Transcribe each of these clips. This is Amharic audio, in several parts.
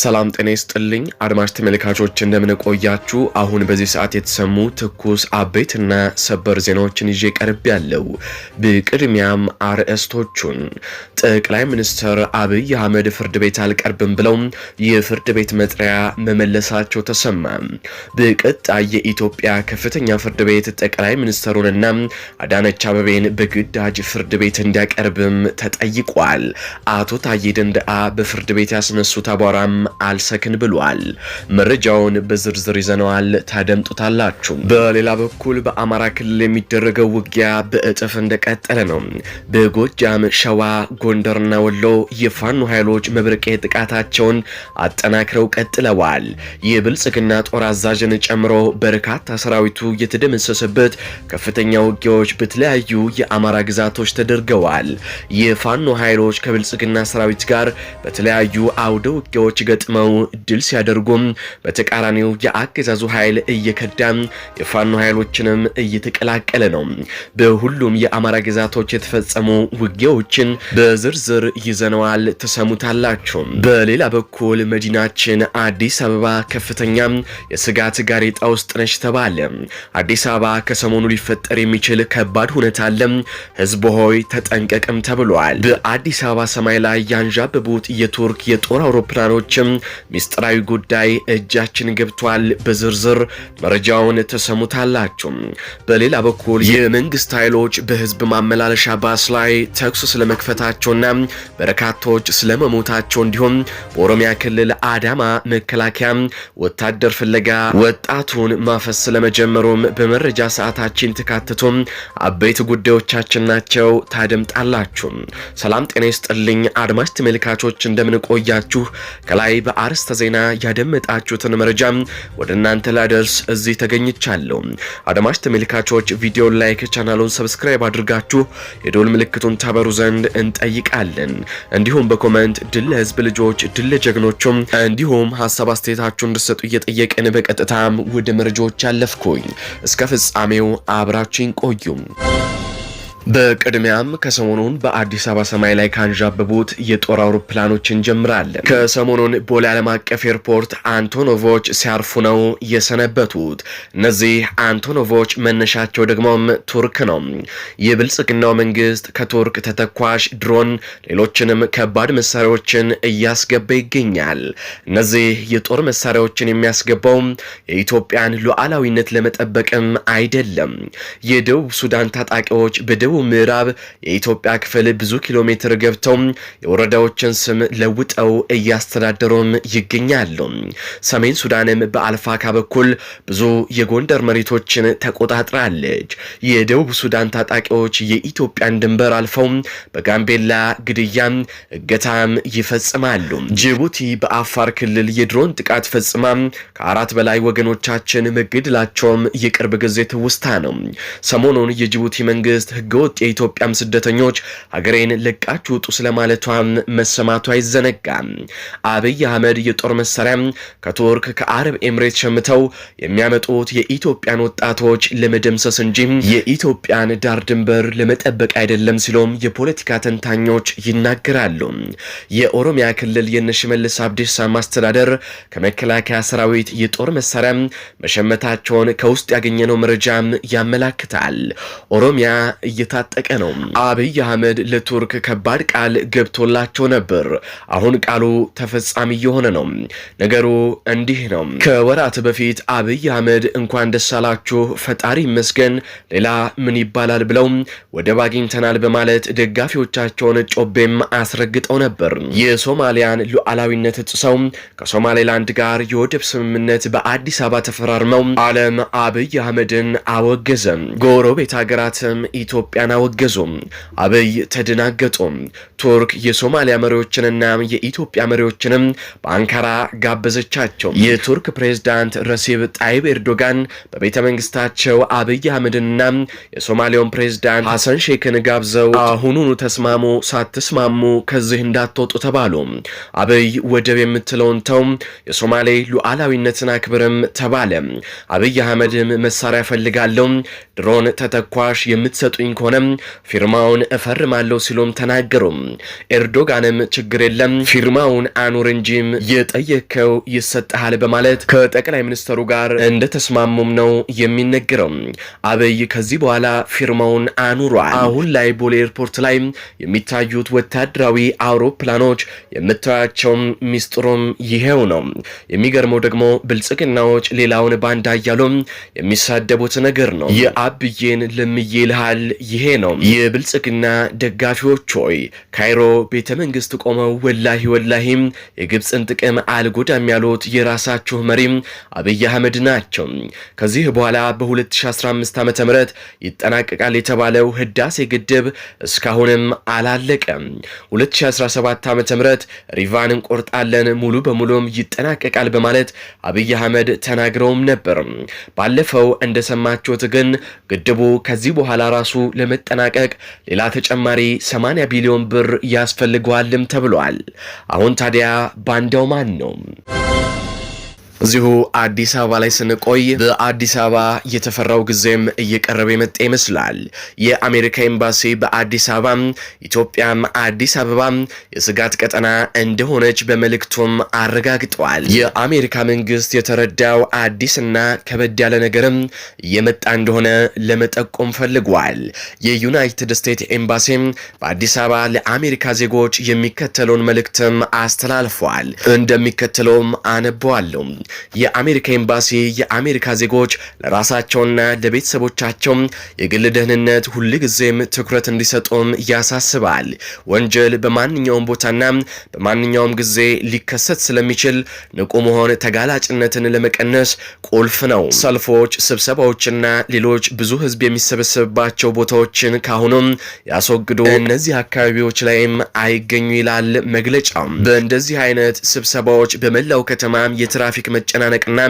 ሰላም ጤና ይስጥልኝ አድማጭ ተመልካቾች፣ እንደምንቆያችሁ አሁን በዚህ ሰዓት የተሰሙ ትኩስ አበይትና ሰበር ዜናዎችን ይዤ ቀርብ ያለው። በቅድሚያም አርዕስቶቹን ጠቅላይ ሚኒስትር አብይ አህመድ ፍርድ ቤት አልቀርብም ብለው የፍርድ ቤት መጥሪያ መመለሳቸው ተሰማ። በቀጣይ የኢትዮጵያ ከፍተኛ ፍርድ ቤት ጠቅላይ ሚኒስትሩንና አዳነች አበቤን በግዳጅ ፍርድ ቤት እንዲያቀርብም ተጠይቋል። አቶ ታዬ ደንደአ በፍርድ ቤት ያስነሱት አቧራም አልሰክን ብሏል። መረጃውን በዝርዝር ይዘነዋል፣ ታደምጡታላችሁ። በሌላ በኩል በአማራ ክልል የሚደረገው ውጊያ በእጥፍ እንደቀጠለ ነው። በጎጃም ሸዋ፣ ጎንደርና ወሎ የፋኖ ኃይሎች መብረቄ ጥቃታቸውን አጠናክረው ቀጥለዋል። የብልጽግና ጦር አዛዥን ጨምሮ በርካታ ሰራዊቱ የተደመሰሰበት ከፍተኛ ውጊያዎች በተለያዩ የአማራ ግዛቶች ተደርገዋል። የፋኖ ኃይሎች ከብልጽግና ሰራዊት ጋር በተለያዩ አውደ ውጊያዎች እንዲገጥመው ድል ሲያደርጉም በተቃራኒው የአገዛዙ ኃይል እየከዳም የፋኖ ኃይሎችንም እየተቀላቀለ ነው። በሁሉም የአማራ ግዛቶች የተፈጸሙ ውጊያዎችን በዝርዝር ይዘነዋል፣ ተሰሙታላችሁ። በሌላ በኩል መዲናችን አዲስ አበባ ከፍተኛ የስጋት ጋሬጣ ውስጥ ነች ተባለ። አዲስ አበባ ከሰሞኑ ሊፈጠር የሚችል ከባድ ሁኔታ አለ፣ ህዝብ ሆይ ተጠንቀቅም ተብሏል። በአዲስ አበባ ሰማይ ላይ ያንዣበቡት የቱርክ የጦር አውሮፕላኖች ሰዎችም ሚስጥራዊ ጉዳይ እጃችን ገብቷል፣ በዝርዝር መረጃውን ተሰሙታላችሁ። በሌላ በኩል የመንግስት ኃይሎች በህዝብ ማመላለሻ ባስ ላይ ተኩስ ስለመክፈታቸውና በርካቶች ስለመሞታቸው እንዲሁም በኦሮሚያ ክልል አዳማ መከላከያ ወታደር ፍለጋ ወጣቱን ማፈስ ስለመጀመሩም በመረጃ ሰዓታችን ተካትቶ አበይት ጉዳዮቻችን ናቸው። ታደምጣላችሁ። ሰላም ጤና ይስጥልኝ አድማጭ ተመልካቾች እንደምንቆያችሁ ከላይ ላይ በአርስተ ዜና ያደመጣችሁትን መረጃ ወደ እናንተ ላደርስ እዚህ ተገኝቻለሁ። አድማጭ ተመልካቾች ቪዲዮን ላይክ፣ ቻናሉን ሰብስክራይብ አድርጋችሁ የዶል ምልክቱን ታበሩ ዘንድ እንጠይቃለን። እንዲሁም በኮመንት ድል ለህዝብ ልጆች፣ ድል ለጀግኖቹም እንዲሁም ሀሳብ አስተያየታችሁ እንድሰጡ እየጠየቅን በቀጥታም ወደ መረጃዎች ያለፍኩኝ እስከ ፍጻሜው አብራችን ቆዩም። በቅድሚያም ከሰሞኑን በአዲስ አበባ ሰማይ ላይ ካንዣበቡት የጦር አውሮፕላኖች እንጀምራለን። ከሰሞኑን ቦሌ ዓለም አቀፍ ኤርፖርት አንቶኖቮች ሲያርፉ ነው የሰነበቱት። እነዚህ አንቶኖቮች መነሻቸው ደግሞም ቱርክ ነው። የብልጽግናው መንግስት ከቱርክ ተተኳሽ ድሮን፣ ሌሎችንም ከባድ መሳሪያዎችን እያስገባ ይገኛል። እነዚህ የጦር መሳሪያዎችን የሚያስገባው የኢትዮጵያን ሉዓላዊነት ለመጠበቅም አይደለም። የደቡብ ሱዳን ታጣቂዎች በደ ደቡብ ምዕራብ የኢትዮጵያ ክፍል ብዙ ኪሎ ሜትር ገብተው የወረዳዎችን ስም ለውጠው እያስተዳደሩም ይገኛሉ። ሰሜን ሱዳንም በአልፋካ በኩል ብዙ የጎንደር መሬቶችን ተቆጣጥራለች። የደቡብ ሱዳን ታጣቂዎች የኢትዮጵያን ድንበር አልፈው በጋምቤላ ግድያም፣ እገታም ይፈጽማሉ። ጅቡቲ በአፋር ክልል የድሮን ጥቃት ፈጽማ ከአራት በላይ ወገኖቻችን መገደላቸውም የቅርብ ጊዜ ትውስታ ነው። ሰሞኑን የጅቡቲ መንግስት ህገ ለወጡ የኢትዮጵያም ስደተኞች ሀገሬን ለቃችሁ ውጡ ስለማለቷም መሰማቱ አይዘነጋም። አብይ አህመድ የጦር መሳሪያ ከቱርክ ከአረብ ኤምሬት ሸምተው የሚያመጡት የኢትዮጵያን ወጣቶች ለመደምሰስ እንጂ የኢትዮጵያን ዳር ድንበር ለመጠበቅ አይደለም ሲሉም የፖለቲካ ተንታኞች ይናገራሉ። የኦሮሚያ ክልል የነሽመልስ አብዲሳ ማስተዳደር ከመከላከያ ሰራዊት የጦር መሳሪያ መሸመታቸውን ከውስጥ ያገኘነው መረጃም ያመላክታል። ኦሮሚያ እየታጠቀ ነው። አብይ አህመድ ለቱርክ ከባድ ቃል ገብቶላቸው ነበር። አሁን ቃሉ ተፈጻሚ እየሆነ ነው። ነገሩ እንዲህ ነው። ከወራት በፊት አብይ አህመድ እንኳን ደስ አላችሁ ፈጣሪ ይመስገን፣ ሌላ ምን ይባላል ብለው ወደብ አግኝተናል በማለት ደጋፊዎቻቸውን ጮቤም አስረግጠው ነበር። የሶማሊያን ሉዓላዊነት ጥሰው ከሶማሌላንድ ጋር የወደብ ስምምነት በአዲስ አበባ ተፈራርመው ዓለም አብይ አህመድን አወገዘም። ጎረቤት ሀገራትም ኢትዮጵያ ኢትዮጵያን አወገዙም። አብይ ተደናገጡ። ቱርክ የሶማሊያ መሪዎችንና የኢትዮጵያ መሪዎችንም በአንካራ ጋበዘቻቸው። የቱርክ ፕሬዝዳንት ረሲብ ጣይብ ኤርዶጋን በቤተ መንግስታቸው አብይ አህመድንና የሶማሊያውን ፕሬዝዳንት ሐሰን ሼክን ጋብዘው አሁኑኑ ተስማሙ፣ ሳትስማሙ ከዚህ እንዳትወጡ ተባሉ። አብይ ወደብ የምትለውን ተው፣ የሶማሌ ሉዓላዊነትን አክብርም ተባለ። አብይ አህመድም መሳሪያ ፈልጋለሁ፣ ድሮን ተተኳሽ የምትሰጡኝ ከሆነ ከሆነም ፊርማውን እፈርማለሁ ሲሉም ተናገሩም። ኤርዶጋንም ችግር የለም ፊርማውን አኑር እንጂም የጠየከው ይሰጥሃል በማለት ከጠቅላይ ሚኒስትሩ ጋር እንደተስማሙም ነው የሚነገረው። አብይ ከዚህ በኋላ ፊርማውን አኑሯል። አሁን ላይ ቦሌ ኤርፖርት ላይ የሚታዩት ወታደራዊ አውሮፕላኖች የምታያቸውም ሚስጥሩም ይሄው ነው። የሚገርመው ደግሞ ብልጽግናዎች ሌላውን ባንዳ እያሉ የሚሳደቡት ነገር ነው። የአብዬን ልምዬ ልሃል ይ ይሄ ነው። የብልጽግና ደጋፊዎች ሆይ ካይሮ ቤተ መንግስት ቆመው ወላሂ ወላሂም የግብፅን ጥቅም አልጎዳም ያሉት የራሳችሁ መሪም አብይ አህመድ ናቸው። ከዚህ በኋላ በ2015 ዓ ም ይጠናቀቃል የተባለው ህዳሴ ግድብ እስካሁንም አላለቀም። 2017 ዓ ም ሪቫን እንቆርጣለን ሙሉ በሙሉም ይጠናቀቃል በማለት አብይ አህመድ ተናግረውም ነበር። ባለፈው እንደሰማችሁት ግን ግድቡ ከዚህ በኋላ ራሱ ለመጠናቀቅ ሌላ ተጨማሪ 80 ቢሊዮን ብር ያስፈልገዋልም ተብሏል። አሁን ታዲያ ባንዳው ማን ነው? እዚሁ አዲስ አበባ ላይ ስንቆይ በአዲስ አበባ የተፈራው ጊዜም እየቀረበ የመጣ ይመስላል። የአሜሪካ ኤምባሲ በአዲስ አበባ ኢትዮጵያም አዲስ አበባ የስጋት ቀጠና እንደሆነች በመልእክቱም አረጋግጠዋል። የአሜሪካ መንግስት የተረዳው አዲስና ከበድ ያለ ነገርም እየመጣ እንደሆነ ለመጠቆም ፈልጓል። የዩናይትድ ስቴትስ ኤምባሲም በአዲስ አበባ ለአሜሪካ ዜጎች የሚከተለውን መልእክትም አስተላልፏል። እንደሚከተለውም አነበዋለሁ። የአሜሪካ ኤምባሲ የአሜሪካ ዜጎች ለራሳቸውና ለቤተሰቦቻቸው የግል ደህንነት ሁልጊዜም ትኩረት እንዲሰጡም ያሳስባል። ወንጀል በማንኛውም ቦታና በማንኛውም ጊዜ ሊከሰት ስለሚችል ንቁ መሆን ተጋላጭነትን ለመቀነስ ቁልፍ ነው። ሰልፎች፣ ስብሰባዎችና ሌሎች ብዙ ህዝብ የሚሰበሰብባቸው ቦታዎችን ካሁኑም ያስወግዱ፣ እነዚህ አካባቢዎች ላይም አይገኙ ይላል መግለጫው። በእንደዚህ አይነት ስብሰባዎች በመላው ከተማም የትራፊክ መጨናነቅና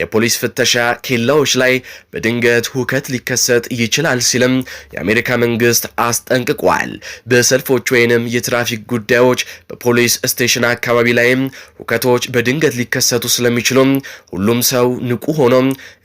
የፖሊስ ፍተሻ ኬላዎች ላይ በድንገት ሁከት ሊከሰት ይችላል ሲልም የአሜሪካ መንግስት አስጠንቅቋል። በሰልፎች ወይንም የትራፊክ ጉዳዮች በፖሊስ ስቴሽን አካባቢ ላይም ሁከቶች በድንገት ሊከሰቱ ስለሚችሉ ሁሉም ሰው ንቁ ሆኖ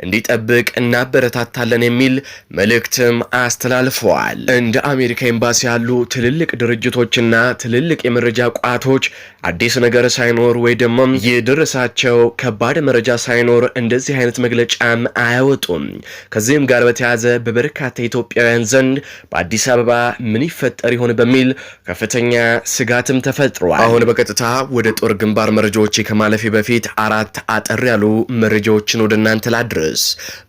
እንዲጠብቅ እናበረታታለን የሚል መልእክትም አስተላልፈዋል። እንደ አሜሪካ ኤምባሲ ያሉ ትልልቅ ድርጅቶችና ትልልቅ የመረጃ ቋቶች አዲስ ነገር ሳይኖር ወይ ደግሞ የደረሳቸው ከባድ ከባድ መረጃ ሳይኖር እንደዚህ አይነት መግለጫም አያወጡም። ከዚህም ጋር በተያያዘ በበርካታ ኢትዮጵያውያን ዘንድ በአዲስ አበባ ምን ይፈጠር ይሆን በሚል ከፍተኛ ስጋትም ተፈጥሯል። አሁን በቀጥታ ወደ ጦር ግንባር መረጃዎች ከማለፌ በፊት አራት አጠር ያሉ መረጃዎችን ወደ እናንተ ላድርስ።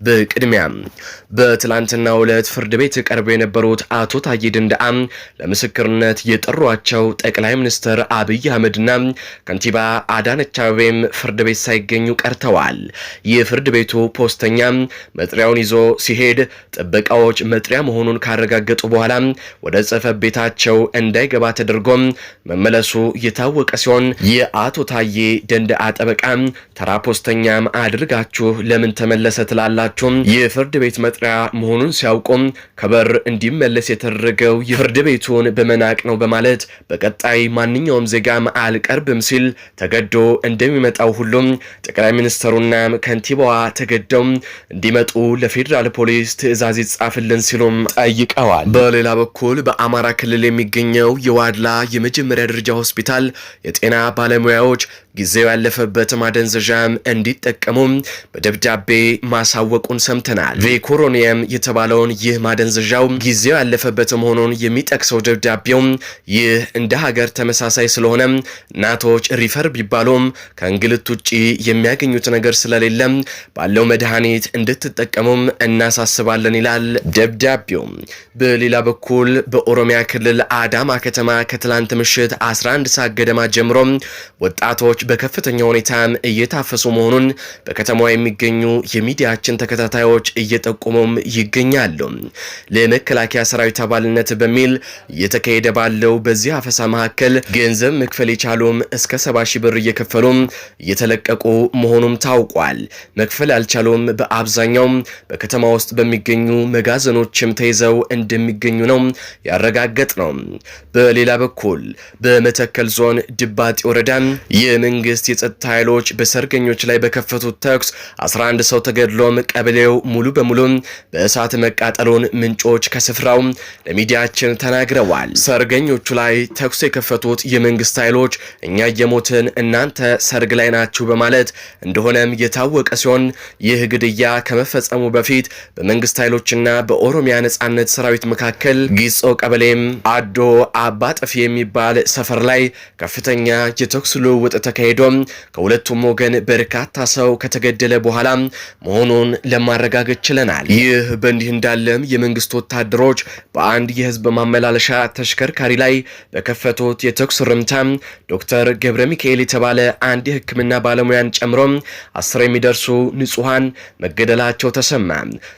በቅድሚያም በትላንትናው ዕለት ፍርድ ቤት ቀርበው የነበሩት አቶ ታዬ ደንደአም ለምስክርነት የጠሯቸው ጠቅላይ ሚኒስትር አብይ አህመድና ከንቲባ አዳነች አቤቤም ፍርድ ቤት ሳይገኙ ሳይገኙ ቀርተዋል። የፍርድ ቤቱ ፖስተኛ መጥሪያውን ይዞ ሲሄድ ጥበቃዎች መጥሪያ መሆኑን ካረጋገጡ በኋላ ወደ ጽፈት ቤታቸው እንዳይገባ ተደርጎም መመለሱ የታወቀ ሲሆን የአቶ ታዬ ደንደአ ጠበቃም ተራ ፖስተኛም አድርጋችሁ ለምን ተመለሰ ትላላችሁም? የፍርድ ቤት መጥሪያ መሆኑን ሲያውቁም ከበር እንዲመለስ የተደረገው የፍርድ ቤቱን በመናቅ ነው በማለት በቀጣይ ማንኛውም ዜጋም አልቀርብም ሲል ተገዶ እንደሚመጣው ሁሉም ጠቅላይ ሚኒስተሩና ከንቲባዋ ተገደው እንዲመጡ ለፌዴራል ፖሊስ ትዕዛዝ ይጻፍልን ሲሉም ጠይቀዋል። በሌላ በኩል በአማራ ክልል የሚገኘው የዋድላ የመጀመሪያ ደረጃ ሆስፒታል የጤና ባለሙያዎች ጊዜው ያለፈበት ማደንዘዣም እንዲጠቀሙም በደብዳቤ ማሳወቁን ሰምተናል። ቬኮሮኒየም የተባለውን ይህ ማደንዘዣው ጊዜው ያለፈበት መሆኑን የሚጠቅሰው ደብዳቤው ይህ እንደ ሀገር ተመሳሳይ ስለሆነ እናቶች ሪፈር ቢባሉም ከእንግልት ውጪ የሚያገኙት ነገር ስለሌለም ባለው መድኃኒት እንድትጠቀሙም እናሳስባለን ይላል ደብዳቤው። በሌላ በኩል በኦሮሚያ ክልል አዳማ ከተማ ከትላንት ምሽት 11 ሰዓት ገደማ ጀምሮ ወጣቶች ሰዎች በከፍተኛ ሁኔታ እየታፈሱ መሆኑን በከተማዋ የሚገኙ የሚዲያችን ተከታታዮች እየጠቆሙም ይገኛሉ። ለመከላከያ ሰራዊት አባልነት በሚል እየተካሄደ ባለው በዚህ አፈሳ መካከል ገንዘብ መክፈል የቻሉም እስከ ሰባ ሺህ ብር እየከፈሉም እየተለቀቁ መሆኑም ታውቋል። መክፈል ያልቻሉም በአብዛኛውም በከተማ ውስጥ በሚገኙ መጋዘኖችም ተይዘው እንደሚገኙ ነው ያረጋገጥ ነው። በሌላ በኩል በመተከል ዞን ድባጤ ወረዳ መንግስት የጸጥታ ኃይሎች በሰርገኞች ላይ በከፈቱት ተኩስ 11 ሰው ተገድሎም ቀበሌው ሙሉ በሙሉ በእሳት መቃጠሉን ምንጮች ከስፍራው ለሚዲያችን ተናግረዋል። ሰርገኞቹ ላይ ተኩስ የከፈቱት የመንግስት ኃይሎች እኛ የሞትን እናንተ ሰርግ ላይ ናችሁ በማለት እንደሆነም የታወቀ ሲሆን ይህ ግድያ ከመፈጸሙ በፊት በመንግስት ኃይሎችና በኦሮሚያ ነጻነት ሰራዊት መካከል ጊጾ ቀበሌም አዶ አባጠፊ የሚባል ሰፈር ላይ ከፍተኛ የተኩስ ልውውጥ ተከ ተካሄዶም ከሁለቱም ወገን በርካታ ሰው ከተገደለ በኋላ መሆኑን ለማረጋገጥ ችለናል። ይህ በእንዲህ እንዳለም የመንግስት ወታደሮች በአንድ የህዝብ ማመላለሻ ተሽከርካሪ ላይ በከፈቱት የተኩስ ርምታ ዶክተር ገብረ ሚካኤል የተባለ አንድ የህክምና ባለሙያን ጨምሮ አስር የሚደርሱ ንጹሐን መገደላቸው ተሰማ።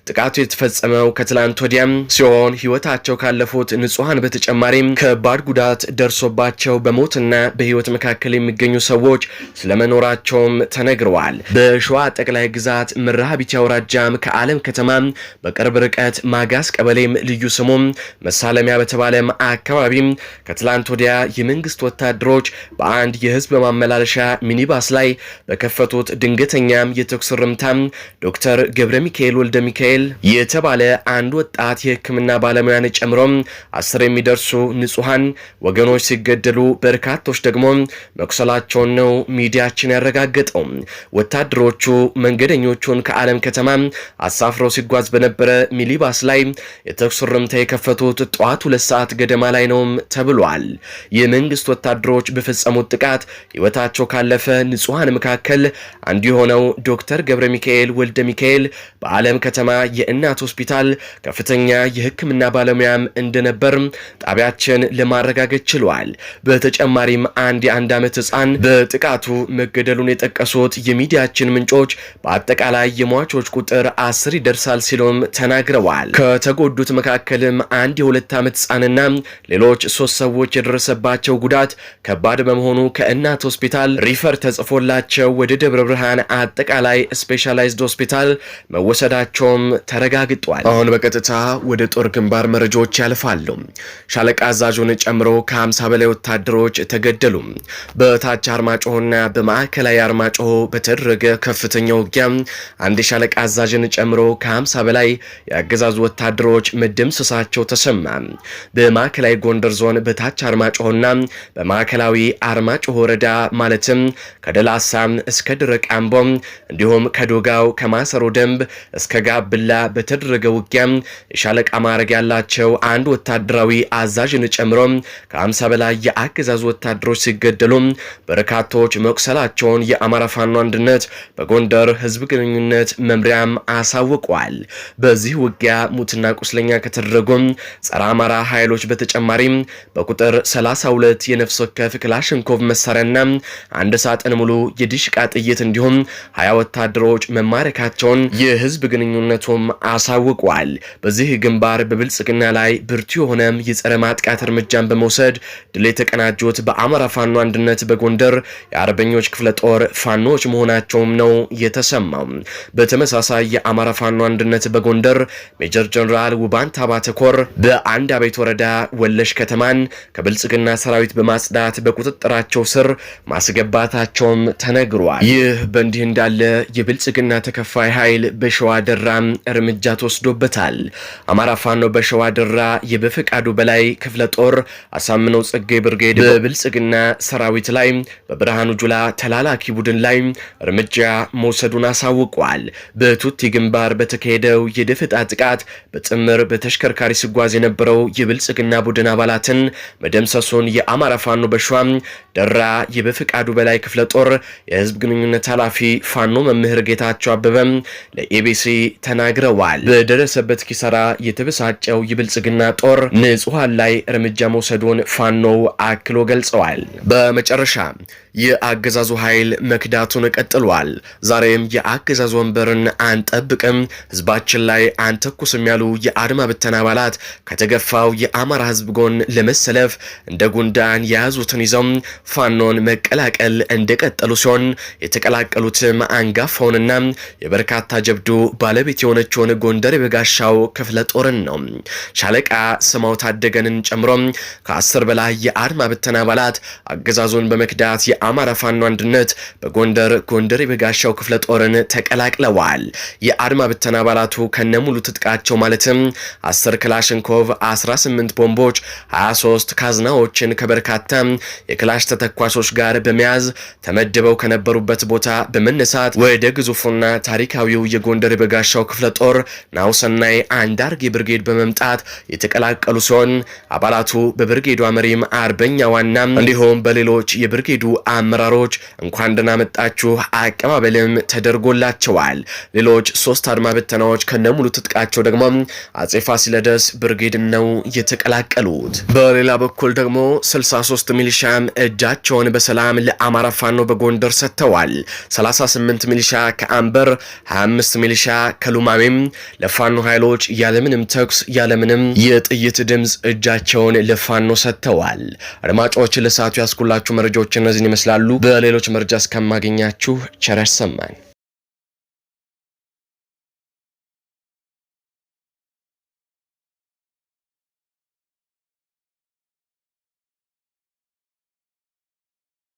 ጥቃቱ የተፈጸመው ከትላንት ወዲያም ሲሆን ህይወታቸው ካለፉት ንጹሐን በተጨማሪም ከባድ ጉዳት ደርሶባቸው በሞትና በህይወት መካከል የሚገኙ ሰዎች ኃይሎች ስለመኖራቸውም ተነግረዋል። በሸዋ ጠቅላይ ግዛት መርሐቤቴ አውራጃም ከዓለም ከተማ በቅርብ ርቀት ማጋስ ቀበሌም ልዩ ስሙም መሳለሚያ በተባለም አካባቢም ከትላንት ወዲያ የመንግስት ወታደሮች በአንድ የህዝብ ማመላለሻ ሚኒባስ ላይ በከፈቱት ድንገተኛም የተኩስ ርምታ ዶክተር ገብረ ሚካኤል ወልደ ሚካኤል የተባለ አንድ ወጣት የህክምና ባለሙያን ጨምሮም አስር የሚደርሱ ንጹሐን ወገኖች ሲገደሉ በርካቶች ደግሞ መቁሰላቸውን ነው ነው ሚዲያችን ያረጋገጠው። ወታደሮቹ መንገደኞቹን ከዓለም ከተማ አሳፍረው ሲጓዝ በነበረ ሚኒባስ ላይ የተኩስ ርምታ የከፈቱት ጠዋት ሁለት ሰዓት ገደማ ላይ ነውም ተብሏል። የመንግስት ወታደሮች በፈጸሙት ጥቃት ህይወታቸው ካለፈ ንጹሐን መካከል አንዱ የሆነው ዶክተር ገብረ ሚካኤል ወልደ ሚካኤል በዓለም ከተማ የእናት ሆስፒታል ከፍተኛ የህክምና ባለሙያም እንደነበር ጣቢያችን ለማረጋገጥ ችሏል። በተጨማሪም አንድ የአንድ ዓመት ህፃን በጥቃቱ መገደሉን የጠቀሱት የሚዲያችን ምንጮች በአጠቃላይ የሟቾች ቁጥር አስር ይደርሳል ሲሉም ተናግረዋል። ከተጎዱት መካከልም አንድ የሁለት ዓመት ህፃንና ሌሎች ሶስት ሰዎች የደረሰባቸው ጉዳት ከባድ በመሆኑ ከእናት ሆስፒታል ሪፈር ተጽፎላቸው ወደ ደብረ ብርሃን አጠቃላይ ስፔሻላይዝድ ሆስፒታል መወሰዳቸውም ተረጋግጧል። አሁን በቀጥታ ወደ ጦር ግንባር መረጃዎች ያልፋሉ። ሻለቃ አዛዡን ጨምሮ ከ50 በላይ ወታደሮች ተገደሉ። በታች አርማ አርማጮሆና በማዕከላዊ አርማጮሆ በተደረገ ከፍተኛ ውጊያ አንድ ሻለቃ አዛዥን ጨምሮ ከ50 በላይ የአገዛዙ ወታደሮች መደምሰሳቸው ተሰማ። በማዕከላዊ ጎንደር ዞን በታች አርማጮሆና በማዕከላዊ አርማጮሆ ወረዳ ማለትም ከደላሳም እስከ ደረቅ አምቦ እንዲሁም ከዶጋው ከማሰሮ ደንብ እስከ ጋብላ በተደረገ ውጊያ የሻለቃ ማዕረግ ያላቸው አንድ ወታደራዊ አዛዥን ጨምሮ ከ50 በላይ የአገዛዙ ወታደሮች ሲገደሉ በርካታ በርካቶች መቁሰላቸውን የአማራ ፋኖ አንድነት በጎንደር ህዝብ ግንኙነት መምሪያም አሳውቋል። በዚህ ውጊያ ሙትና ቁስለኛ ከተደረጉም ጸረ አማራ ኃይሎች በተጨማሪም በቁጥር 32 የነፍስ ወከፍ ክላሽንኮቭ መሳሪያና አንድ ሳጥን ሙሉ የዲሽቃ ጥይት እንዲሁም ሀያ ወታደሮች መማረካቸውን የህዝብ ግንኙነቱም አሳውቋል። በዚህ ግንባር በብልጽግና ላይ ብርቱ የሆነም የጸረ ማጥቃት እርምጃን በመውሰድ ድል የተቀናጁት በአማራ ፋኖ አንድነት በጎንደር የአርበኞች ክፍለ ጦር ፋኖዎች መሆናቸውም ነው የተሰማው። በተመሳሳይ የአማራ ፋኖ አንድነት በጎንደር ሜጀር ጀነራል ውባን ታባተኮር በአንድ አቤት ወረዳ ወለሽ ከተማን ከብልጽግና ሰራዊት በማጽዳት በቁጥጥራቸው ስር ማስገባታቸውም ተነግሯል። ይህ በእንዲህ እንዳለ የብልጽግና ተከፋይ ኃይል በሸዋ ደራም እርምጃ ተወስዶበታል። አማራ ፋኖ በሸዋ ደራ የበፈቃዱ በላይ ክፍለ ጦር አሳምነው ጽጌ ብርጌድ በብልጽግና ሰራዊት ላይ በብርሃኑ ጁላ ተላላኪ ቡድን ላይ እርምጃ መውሰዱን አሳውቋል። በቱቲ ግንባር በተካሄደው የደፈጣ ጥቃት በጥምር በተሽከርካሪ ሲጓዝ የነበረው የብልጽግና ቡድን አባላትን መደምሰሱን የአማራ ፋኖ በሸዋም ደራ የበፍቃዱ በላይ ክፍለ ጦር የህዝብ ግንኙነት ኃላፊ ፋኖ መምህር ጌታቸው አበበም ለኤቢሲ ተናግረዋል። በደረሰበት ኪሳራ የተበሳጨው የብልጽግና ጦር ንጹሐን ላይ እርምጃ መውሰዱን ፋኖ አክሎ ገልጸዋል። በመጨረሻ የአገዛዙ ኃይል መክዳቱን ቀጥሏል። ዛሬም የአገዛዙ ወንበርን አንጠብቅም፣ ህዝባችን ላይ አንተኩስም ያሉ የአድማ ብተን አባላት ከተገፋው የአማራ ህዝብ ጎን ለመሰለፍ እንደ ጉንዳን የያዙትን ይዘው ፋኖን መቀላቀል እንደቀጠሉ ሲሆን የተቀላቀሉትም አንጋፋውንና የበርካታ ጀብዱ ባለቤት የሆነችውን ጎንደር የበጋሻው ክፍለ ጦርን ነው። ሻለቃ ስማው ታደገንን ጨምሮ ከአስር በላይ የአድማ ብተን አባላት አገዛዙን በመክዳት የአማራ ፋኖ አንድነት በጎንደር ጎንደር የበጋሻው ክፍለ ጦርን ተቀላቅለዋል። የአድማ ብተና አባላቱ ከነሙሉ ትጥቃቸው ማለትም 10 ክላሽንኮቭ፣ 18 ቦምቦች፣ 23 ካዝናዎችን ከበርካታ የክላሽ ተተኳሾች ጋር በመያዝ ተመድበው ከነበሩበት ቦታ በመነሳት ወደ ግዙፉና ታሪካዊው የጎንደር የበጋሻው ክፍለ ጦር ናውሰናይ አንዳርጌ ብርጌድ በመምጣት የተቀላቀሉ ሲሆን አባላቱ በብርጌዱ መሪም አርበኛ ዋና እንዲሁም በሌሎች የብርጌዱ አመራሮች እንኳን ደህና መጣችሁ አቀባበልም ተደርጎላቸዋል። ሌሎች ሶስት አድማ በተናዎች ከነሙሉ ትጥቃቸው ደግሞ አጼ ፋሲለደስ ብርጌድን ነው የተቀላቀሉት። በሌላ በኩል ደግሞ 63 ሚሊሻም እጃቸውን በሰላም ለአማራ ፋኖ በጎንደር ሰጥተዋል። 38 ሚሊሻ ከአንበር፣ 25 ሚሊሻ ከሉማሜም ለፋኖ ኃይሎች ያለምንም ተኩስ ያለምንም የጥይት ድምፅ እጃቸውን ለፋኖ ሰጥተዋል። አድማጮች ለሰዓቱ ያስኩላችሁ መረጃዎች እነዚህን ይመስላሉ። በሌሎች መረጃ እስከማገኛችሁ ቸር ያሰማን።